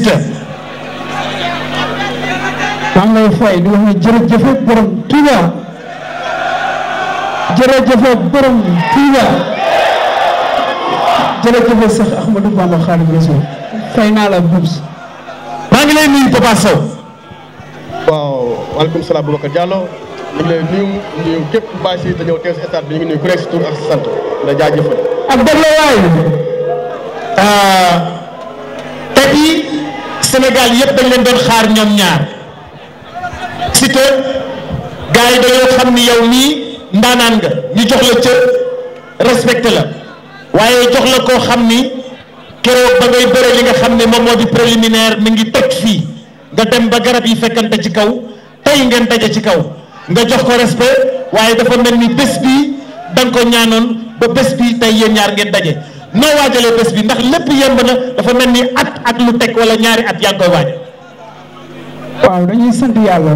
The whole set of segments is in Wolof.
Siteu maa ngi lay fay di wax ne jërëjëf borom Touba jërëjëf borom Touba jërëjëf Cheikh Ahmadou Bamba Khadimu Rasuul fay naa la bubs maa ngi lay nuyu Papa Sow waaw waaleykum salaam Boubacar Diallo ñu ngi Sénégal yëpp dañ leen doon xaar ñoom ñaar Siteu gars yi dañoo xam ni yow mii ndaanaan nga ñu jox la cër respecté la waaye jox la koo xam ni keroog ba ngay bëre li nga xam ne moom moo di préliminaire mi ngi teg fii nga dem ba garab yi fekkante ci kaw tey ngeen daje ci kaw nga jox ko respect waaye dafa mel ni bés bi da ko ñaanoon ba bés bi tey yéen ñaar ngeen daje. noo waajalee bés bi ndax lépp yemb na dafa mel ni at ak lu teg wala ñaari at yaa ngi waaw dañuy sant yàlla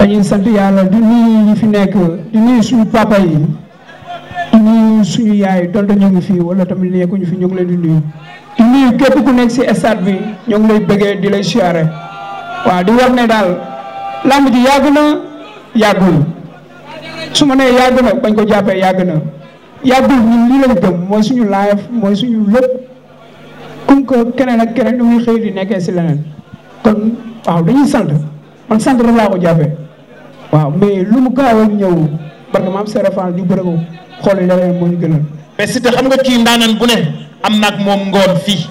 dañuy sant yàlla di nuyu fi nekk di nuyu suñu papa yi di nuyu suñu yaay donte ñu ngi fi wala tamit nekkuñu fi ñu ngi di nuyu. di ku nekk si stade bi ñu ngi lay bëggee di lay siyaare waaw di war ne daal làmb ji yàgg na yàggul su ma nee yàgg na bañ ko jàppee yàgg na. yàggul ñun lii lañ gëm mooy ñu live mooy su ñu lépp comme que keneen ak keneen ñu ngi xëy di nekkee si leneen kon waaw dañuy sant man sant rek laa ko jàppee waaw mais lu mu gaaw a ñëw parce que maam Serapha ñu bëri ko xool leneen moo ñu gënal. mais si te xam nga kii ndaanaan bu ne am na moom ngoon fii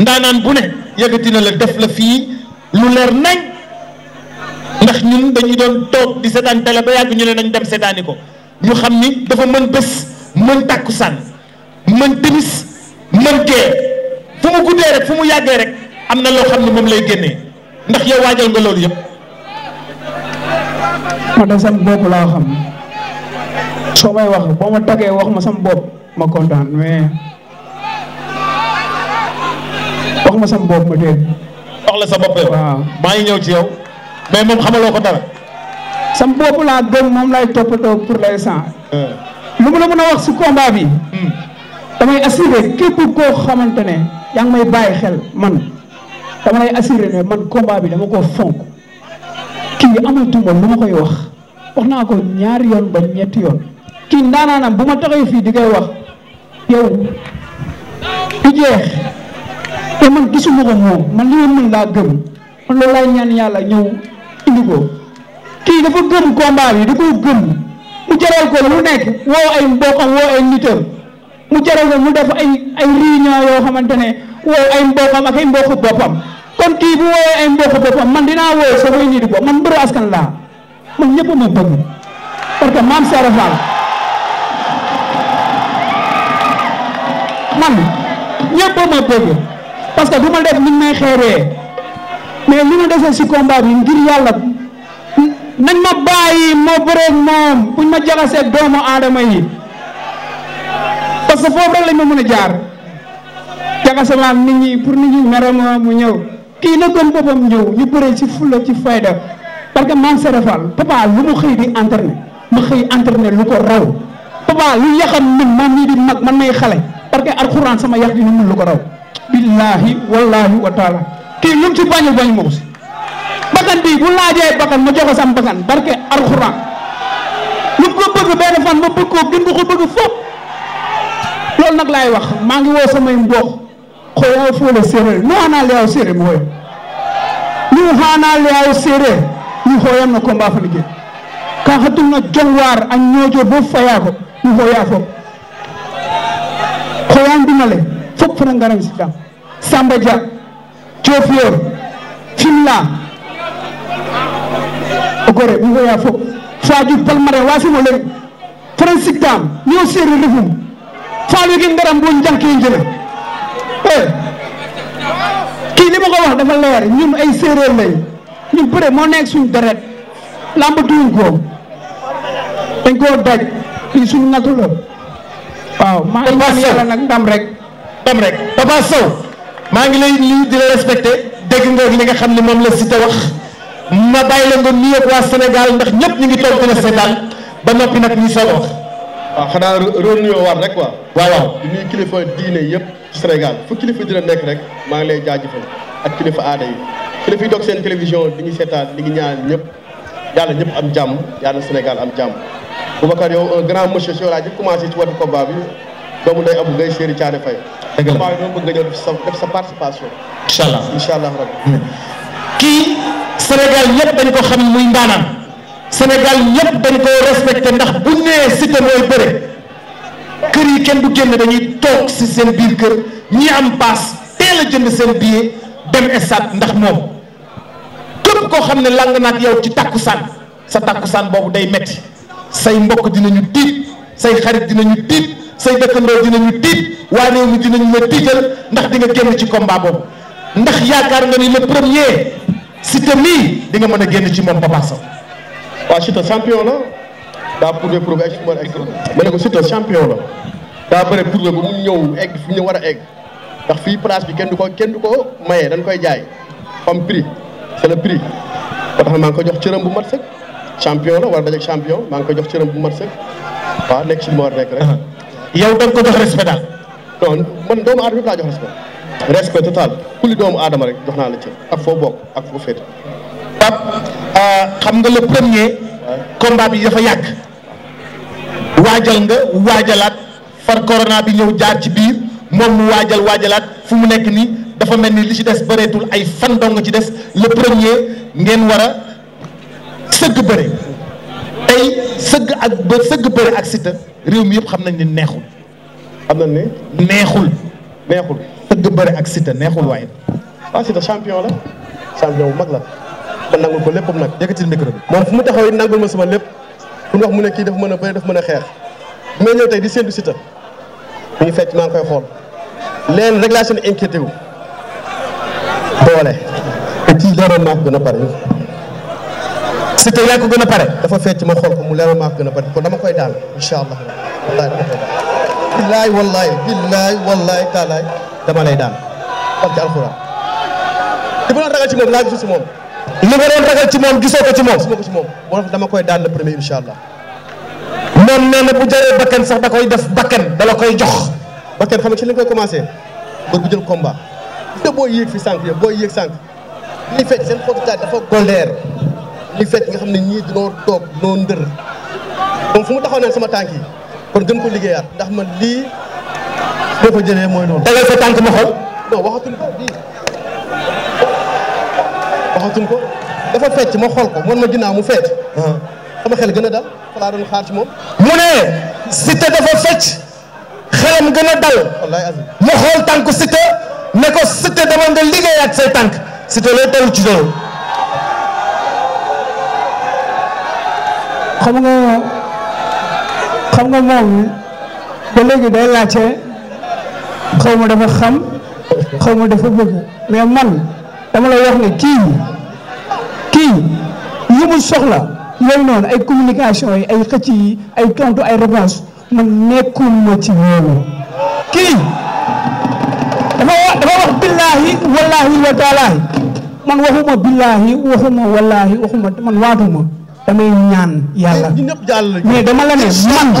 ndaanaan bu ne yëkkati na la def la fii lu leer nañ ndax ñun dañuy doon toog di seetaan télé ba yàgg ñu ne nañ dem seetaani ko ñu xam ni dafa mën takkusaan mën timis mën gee fu mu guddee rek fu mu yàggee rek am na loo xam ne moom lay génnee ndax yow waajal nga loolu yëpp. ma def sama bopp xam soo may wax boo ma tagee wax ma sama bopp ma kontaan mais wax ma sama bopp ma dégg. wax la sa bopp yow. maa ngi ñëw ci yow mais moom xamaloo ko dara. sama bopp laa gëm moom lay toppatoo pour l'instant. Euh. lu mu la mën a wax si bi hmm. damay assuré képp koo xamante ne yaa ngi may bàyyi xel man dama lay bi dama ko fonk kii amatuma lu ma koy wax wax naa ko ñaari yoon ba ñetti yoon kii ndaanaanam bu ma taxee fii di koy wax yow du jeex te man gisuma ko moom man li ma laa gëm man loolu ñaan yàlla ñëw indi ko kii dafa gëm combat bi da gëm jaral ko nekk woo ay mbokkam woo ay nitam mu jaral ko mu def ay ay réunion xamante ne woo ay mbokkam ak ay mbokku boppam kon kii bu woowee ay mbokku boppam man dinaa woowe samay nit bopp man mbëru askan laa man ñëpp ma bëgg parce que maam Serap que du ma def ni may xeeree mais li ma defee si combat ngir yàlla. nañ ma bàyyi ma bëreeg moom buñ ma jaxaseeg doomu aadama yi parce que foofu rek lañ ma mën a jaar jaxase ma ak nit ñi pour nit ñi mere ma mu ñëw kii nag gëm boppam ñëw ñu bëree ci fulla ci fayda parce que man serefal papa lu mu xëy di entraîné ma xëy entraîné lu ko raw papa lu yaxam min man nii di mag man may xale parce que alxuraan sama yax di ni mun lu ko raw billaahi wallaahi wa taala kii lu mu ci bañu bañ moo si bakkan bi bu laajee bakkan ma joxe sam barke alxuraan lu ko bëgg benn fan ma bëgg koo gën ko bëgg fopp loolu nag laay wax maa ngi woo samay mbokk xoyaaw fóole séeréer nu xanaa leyaw séeréer nu xanaa leyaw séeréer ñu xoyam na combat ka xatum na jongwaar a ñoojo bo fayaa ko ñu xoyaa fopp xoyaan dimale fopp fana ngaram si dam Samba Dia Diofior gore woya fo faaju palmarin wasimo leng faren siktam ni o sereer refum falweke ngaram bo njang ke njena e eh, kiini mogo wax dafa leer ñun ay séeréer lañ ñun bëre moo nekk suñ deret lamba duñ ko dañ koo daj lii suñu natu la waaw maa ngi ñaan rek ndam maa ngi lii di la respecté dégg nga li nga xam ne moom la Siteu wax ma bàyyi la nga nuyoog waa Sénégal ndax ñëpp ñu ngi toog dina seetaan ba noppi nag ñu soog wax. waaw xanaa roo nuyoo war rek quoi. waaw waaw di nuyu kilifa diine yëpp Sénégal fu kilifa dina nekk rek maa ngi lay jaajëfal ak kilifa aada yi kilifa yi doog seen télévision di ngi seetaan di ngi ñaar ñëpp yàlla ñëpp am jàmm yàlla Sénégal am jàmm. Boubacar yow un grand monsieur si yow laa jëf commencé ci wàllu combat bi doomu ndey Abou Ngay Serigne Thiané Faye. sa def sa participation. incha allah incha allah rabbi Sénégal ñëpp dañ koo xam muy ndaanaan Sénégal ñëpp dañ ko respecte ndax bu nee Siteu mooy bëre kër yi kenn du génn dañuy toog si seen biir kër ñi am paas teel a jënd seen billet dem estade ndax moom képp koo xam ne lang naag yow ci takkusaan sa takkusaan boobu day metti say mbokk dinañu tiit say xarit dinañu tiit say dëkkandoo dinañu tiit waa réew mi dinañu la tiital ndax di nga génn ci combat boobu ndax yaakaar nga ni le premier Siteu mii di mën a génn ci moom Papa Sow. waaw Siteu champion la daa prouvé prouvé ay ma ne ko Siteu champion la daa bëre prouvé mu ñëw egg fu ñu war a egg ndax fii place bi kenn du ko kenn du ko maye dañ koy jaay am prix c'est le prix. ba tax maa ngi ko jox cëram bu mat sëkk champion la war dajeeg champion maa ngi ko jox cëram bu mat sëkk waaw nekk ci li ma a nekk rek. yow da ko jox respect daal. non man doomu aadama laa jox respect. respect total ku li doomu aadama rek jox naa la ci ak foo bokk ak foo féete. Euh, xam nga le premier. combat bi dafa yàgg. waajal nga waajalaat far corona bi ñëw jaar ci biir moom mu waajal waajalaat fu mu nekk nii dafa mel ni li ci des bareetul ay fan dong ci des le premier ngeen war a sëgg bëre tey sëgg ak sëgg bëre ak Siteu réew mi yépp xam nañ ne neexul. xam nañ ne neexul. neexul tëgg bëre ak Siteu neexul waaye waaw ah, Siteu champion la champion bu mag la man nangul ko léppam nag yëkkatil micro bi moom fu mu taxaw it nangul ma sama lépp bu ñu wax mu ne kii dafa mën a bëre dafa mën a xeex bu may ñëw tey di séntu Siteu mu ngi fecc maa ngi koy xool laa seen inquiété wu doole ko gën a pare Siteu yaa ko gën a pare dafa fecc ma xool ko mu leeroon maa ko gën a pare kon dama koy daal incha allah billaay wallaay billaay wallaay taalaay dama lay daan barke alxuraan li ma doon ragal ci moom laa gisu si moom li ma doon ragal ci moom gisoo ko ci moom gisoo ko ci moom boo dama koy daan le premier incha allah moom nee bu jaree bakken sax da koy def bakken dala koy jox bakken xam nga ci li koy commencé bër bu jël combat te boo yéeg fi sànq yëpp boo yéeg sànq ñuy fecc seen xotutaay dafa goldeer ñuy fecc nga xam ne ñii dinoo toog dinoo ndër moom fu mu taxaw sama tànk yi pour gën ko liggéeyaat ndax ma lii boo ko jëlee mooy noonu. tegal sa tànk ma xool. non waxatuñ ko lii dafa fecc ma xool ko man ma ginnaaw mu fecc. Uh-huh. sama xel gën a dal fa laa doon xaar ci moom. mu ne Siteu dafa fecc xelam gën a dal. wallaay azim mu xool tànk Siteu ne ko Siteu dama nga liggéeyaat say tànk Siteu lay teru ci loolu. xam nga moom ba léegi day laajte xaw ma dafa xam xaw ma dafa bëgg mais man dama la wax ne kii kii yi mu soxla yooyu noonu ay communication yi ay xëcc yi ay tontu ay réponse man nekkuma ci loolu kii dafa wax dafa wax billaahi wallaahi wa taalaahi man waxuma billaahi waxuma wallaahi waxuma man waatuma damay ñaan yàlla mais dama la ne man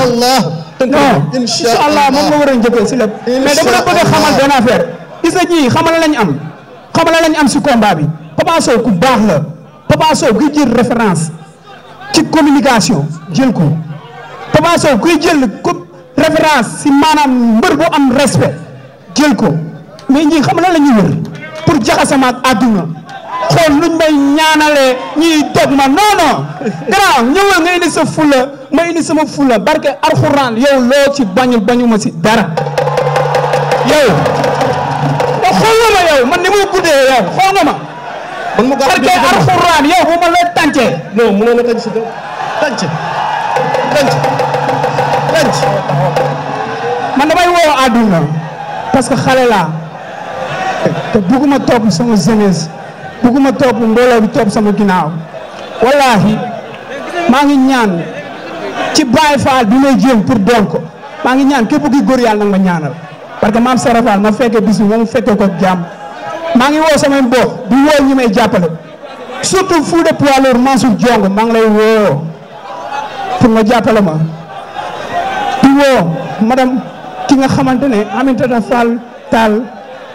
non incha allah moom nga war a njëkkee si lépp mais dama la bëgg a xamal benn affaire Issa Gui xamal lañ am xamal lañ am si combat bi Papa Sow ku baax la Papa Sow kuy jël référence ci communication jël ko Papa Sow kuy jël ko référence si maanaam mbër bu am respect jël ko mais ñi xamal la ñuy wër pour jaxasamaak àdduna xool luñ may ñaanalee ñuy dog ma non non grand ñëwal nga indi sa fula ma indi sama fula barke alxuraan yow loo ci bañul bañu ma si dara yow ba xool ma yow man ni muy guddee yow xool ma. man mu gaaw yow bu ma la ma tànc si dëgg tànc tànc tànc. man damay woo parce que xale laa te bëgguma topp sama jeunesse. bugguma topp mbooloo bi topp sama ginnaaw wallaahi maa ngi ñaan ci Baay Faal bi ma jéem pour doon maa ngi ñaan képp ki góor yàlla nag ma ñaanal parce que maam Sara ma fekkee bis ma mu fekkee ko jàmm maa ngi woo samay mbokk di woo ñi may jàppale surtout fou de poids lourd Mansour Diong maa ngi lay woo pour nga jàppale ma di woo madame ki nga xamante ne Aminata Fall Tall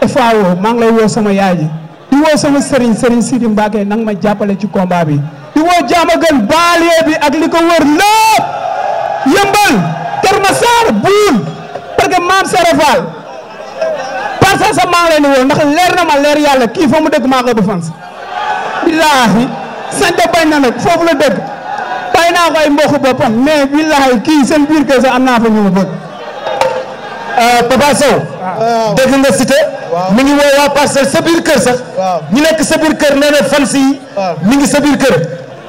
FAO maa ngi lay woo sama yaay ji di woo sama sëriñ sëriñ Sidi Mbacke nang ma jàppale ci combat bi di woo Diamaguène banlieue bi ak li ko wër lépp yëmbal Kër Massar Buul parce que maam Sara Fall parce que maa ngi leen woo ndax leer na ma leer yàlla kii fa mu dëgg maa ko du fans billaahi sant bañ na nag foofu la dëgg bay naa ko ay mbokk boppam mais billaahi kii seen biir kër sax am naa fa ñu ma bëgg Euh, Papa Sow. dégg nga cité. mi ngi woowee waa parcelle sa biir kër sax. ñu nekk sa biir kër nee na fans yi. mi ngi sa biir kër.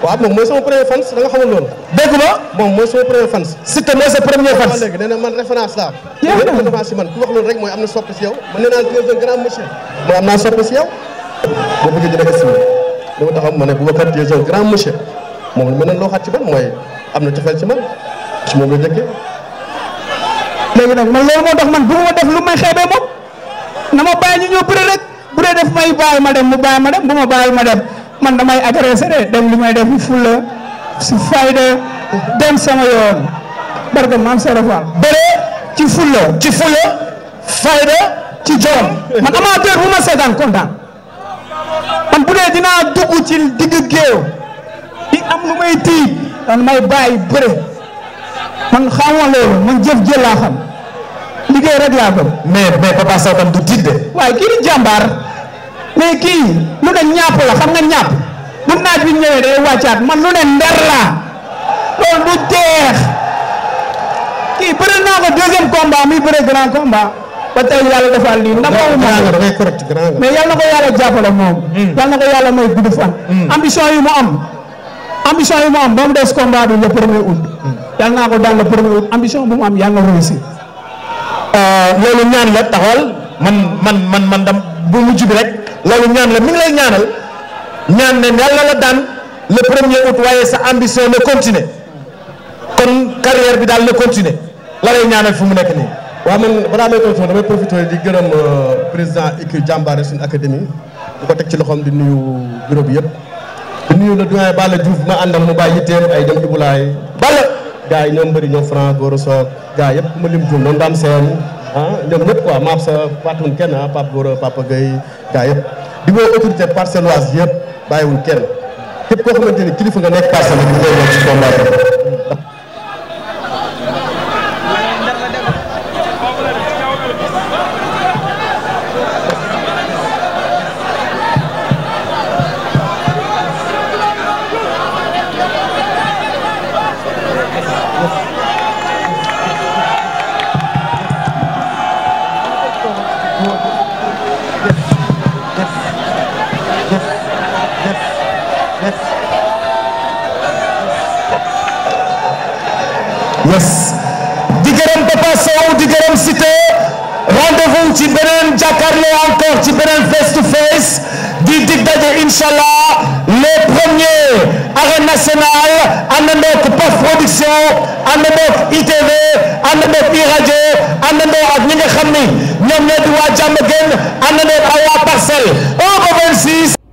waaw moom mooy sama premier fans da xamul loolu. dégg moom mooy sama premier fans. cité mooy sa premier fans. nee na man référence laa. a référence man ku wax loolu rek mooy am na soppi si yow. man nee naa tu es un grand monsieur. man am naa soppi si yow. boo ne Boubacar tu es un grand monsieur mooy am na cofeel ci man ci moom léegi nag man loolu moo tax man bu ma def lu may xeebee moom na ma bàyyi ñu ñëw bëre rek bu dee def may bàyyi ma dem mu bàyyi ma dem bu ma bàyyi ma dem man damay agressé de dem may dem sama yoon barke maam Serafal. bëre ci ci fulla fayda ci jom man kontaan man bu dee dinaa dugg ci digg géew di am lu may tiit man may bàyyi bëre man xamoo loolu man jëf jël laa xam. liggéey rek laa gëm. mais mais Papa ba tam du tiit de. waaye kii di jàmbaar mais kii lu ne ñàpp la xam nga ñàpp bu naaj bi ñëwee day wàccaat man lu ne nder laa loolu du jeex kii bëri naa ko deuxième combat mi bëri grand combat ba tey yàlla defal lii ndax moomu moom mais yàlla na ko yàlla jàppale moom. Hmm. yàlla na ko yàlla may gudd fan. Hmm. ambition yi mu am. am ba mu des combat bi le premier août. Hmm. yàlla naa ko daan le premier août ambition bu mu am yàlla na loolu ñaan la taxawal man man man man dam bu mujj bi rek loolu ñaan la mi ngi lay ñaanal ñaan ne yàlla la daan le premier août waaye sa ambition ne continuer kon carrière bi daal ne continuer la lay ñaanal fu mu nekk nii. waaw man balaa may tontu damay profité di gërëm euh, président équipe jàmbaare suñu académie bu ko teg ci loxoom di nuyu bureau bi yëpp di nuyu le doyen Balla Diouf ma àndal mu bàyyi yitteem ay dem Ibulaay Balla gars yi ñoom bëri ñoom franc Goro Sock gars yëpp ma lim tuum noonu daan seen. Ah, ñoom ñëpp quoi maam sa fàttewuñ kenn ah Pape Gora Papa Gueye gaa yëpp di woo autorité parcelloise yëpp bàyyiwuñ kenn képp koo xamante ni kilifa nga nekk parcelle bi ñu koy ci combat dellu encore ci beneen face to face di dig daje incha allah les premiers arène nationale ànd ndoog PAF production ànd ndoog ITV ànd ndoog parcelle 1 ba